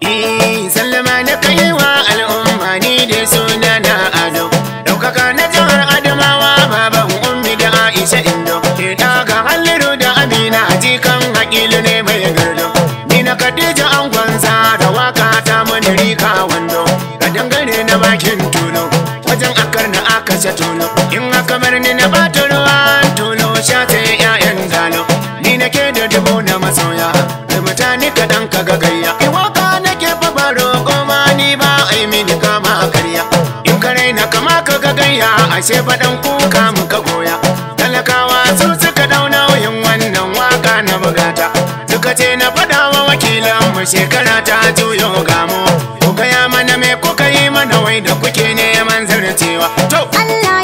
Eh, sallama na wa al'umma ni da suna na ado. Ɗaukaka na jihar Adamawa baban ummi da Aisha Indo. Ke ga halliru da Amina a jikan haƙilu ne mai gardo. Nina Khadija an gwanza da waka ta mana rika wando. Ka dangare na bakin tulo, wajen akar na aka sha tulo. In aka bar ni na bata ruwan tulo sha ta 'ya'yan galo. Ni ke da dubu na masauya da mutane kaɗan ka gayya. ashe faɗan kuka muka goya talakawa su suka dauna wuyin wannan waka na bugata suka ce na faɗa wa wakilan mu shekara ta juyo gamo ku gaya mana me kuka yi mana wai da kuke neman zarcewa to Allah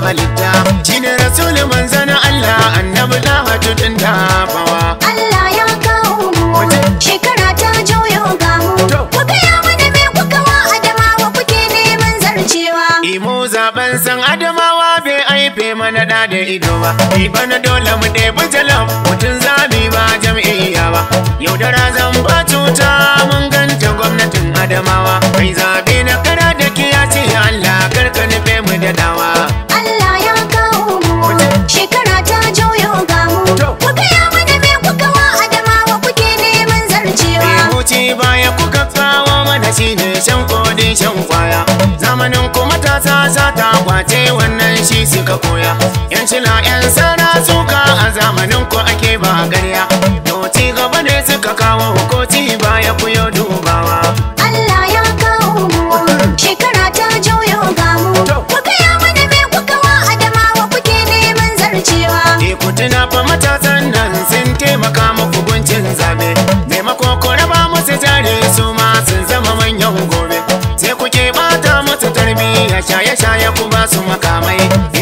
ta halitta shine rasulun manzana Allah annabi na hatutun bawa. Allah ya kawo mu shekara ta juyo ga mu ku gaya mana me kuka wa adamawa kuke neman zarcewa imo zaben san adamawa bai aife mana da da ido ba ibana bana dole mu ɗebi jalam mutun zabi ba jam'iyya ba yaudara kashi ne shan kodin shan kwaya zamanin ku matasa za ta kwace wannan shi suka koya yan shila yan sara suka a zamanin ku ake ba garya yau ci gaba ne suka kawo ko ci baya ku yau duba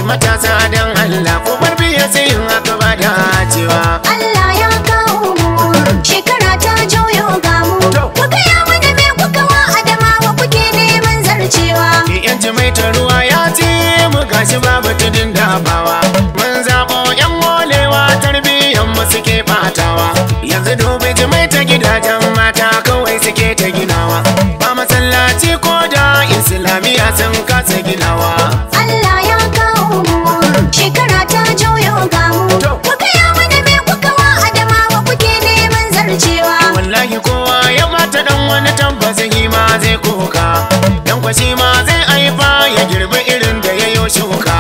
matasa dan Allah ko bar ya sai in aka ba da cewa Allah ya kawo mu shekara ta juyo ga mu ku gaya mana me kuka wa adamawa kuke neman zarcewa ni yan ta ruwa ya ce mu gashi babu tudin dabawa mun zabo yan molewa tarbiyan mu suke fatawa. yanzu dubi ta gidajen mata kawai suke ta ginawa ba masallaci ko da islamiyya sun kasa ginawa wani tabbas shi ma zai kuka don kwa ma zai aifa ya girbi irin da ya yi shuka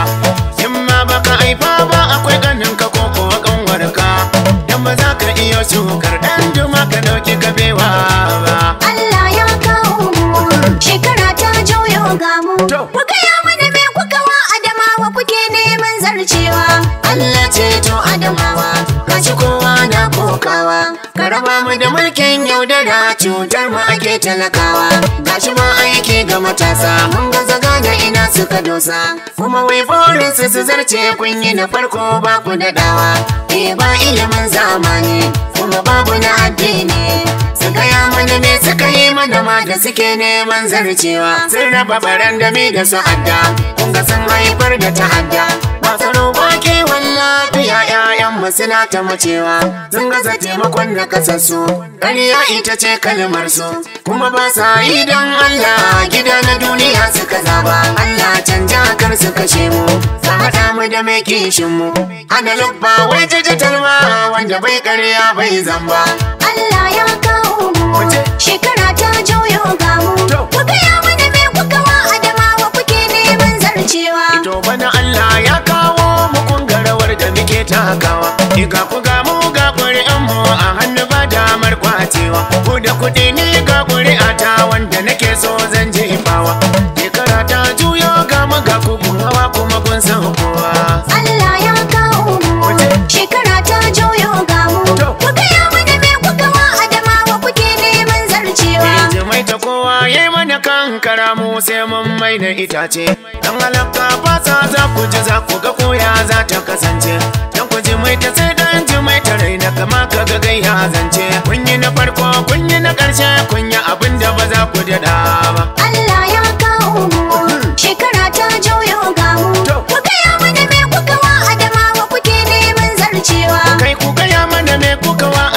in ma baka aifa ba akwai ganin ka ko kuwa kanwarka dan ba za ka iya shukar dan juma ka dauki ka bewa ba Allah ya kawo mu shekara ta jauyo ga mu kuka mana me kuka wa adamawa kuke neman zarcewa Allah ce to adamawa Bamu mu da mulkin yaudara cutar mu ake talakawa gashi ma aiki ga matasa mun ga zaga da ina suka dosa kuma wai borin su su zarce kun yi na farko ba ku daɗawa eh ba ilimin zamani kuma babu na addini su gaya mana me suka yi mana ma da suke neman zarcewa sun raba baran da mi da su adda kun ga sun haifar da ta'adda ba tsaro ba ke wallafi kuma suna ta macewa sun gaza taimakon na kasassu ƙarya ita ce kalmar su kuma ba sa yi don Allah gida na duniya suka zaba Allah canja kar su kashe mu sa haɗa mu da mai kishin mu ana lubba wai jajatalma wanda bai ƙarya bai zamba Allah ya kawo mu shekara ta juyo ga mu ku mu mana jefawa ku da kuɗi ni ga ƙuri'a ta wanda nake so zan je jefawa shekara ta juyo ga maga ku hawa kuma kun san kowa Allah ya kawo mu shekara ta juyo ga mu ku gaya mana me kuka wa adamawa kuke neman zarcewa jimai ta kowa yayi mana kankara mu sai mun mai da itace dan halakka fasa za ku ji za ku ga koya za ta kasance ta sai dan ta raina kama ka ga gayya zance kunyi yi na farko kun na karshe kun yi abin da ba za ku daɗa ba Allah ya kawo shekara ta juyo ga mu ku gaya mana me kuka wa adama wa kuke neman zarcewa kai ku gaya mana me kuka wa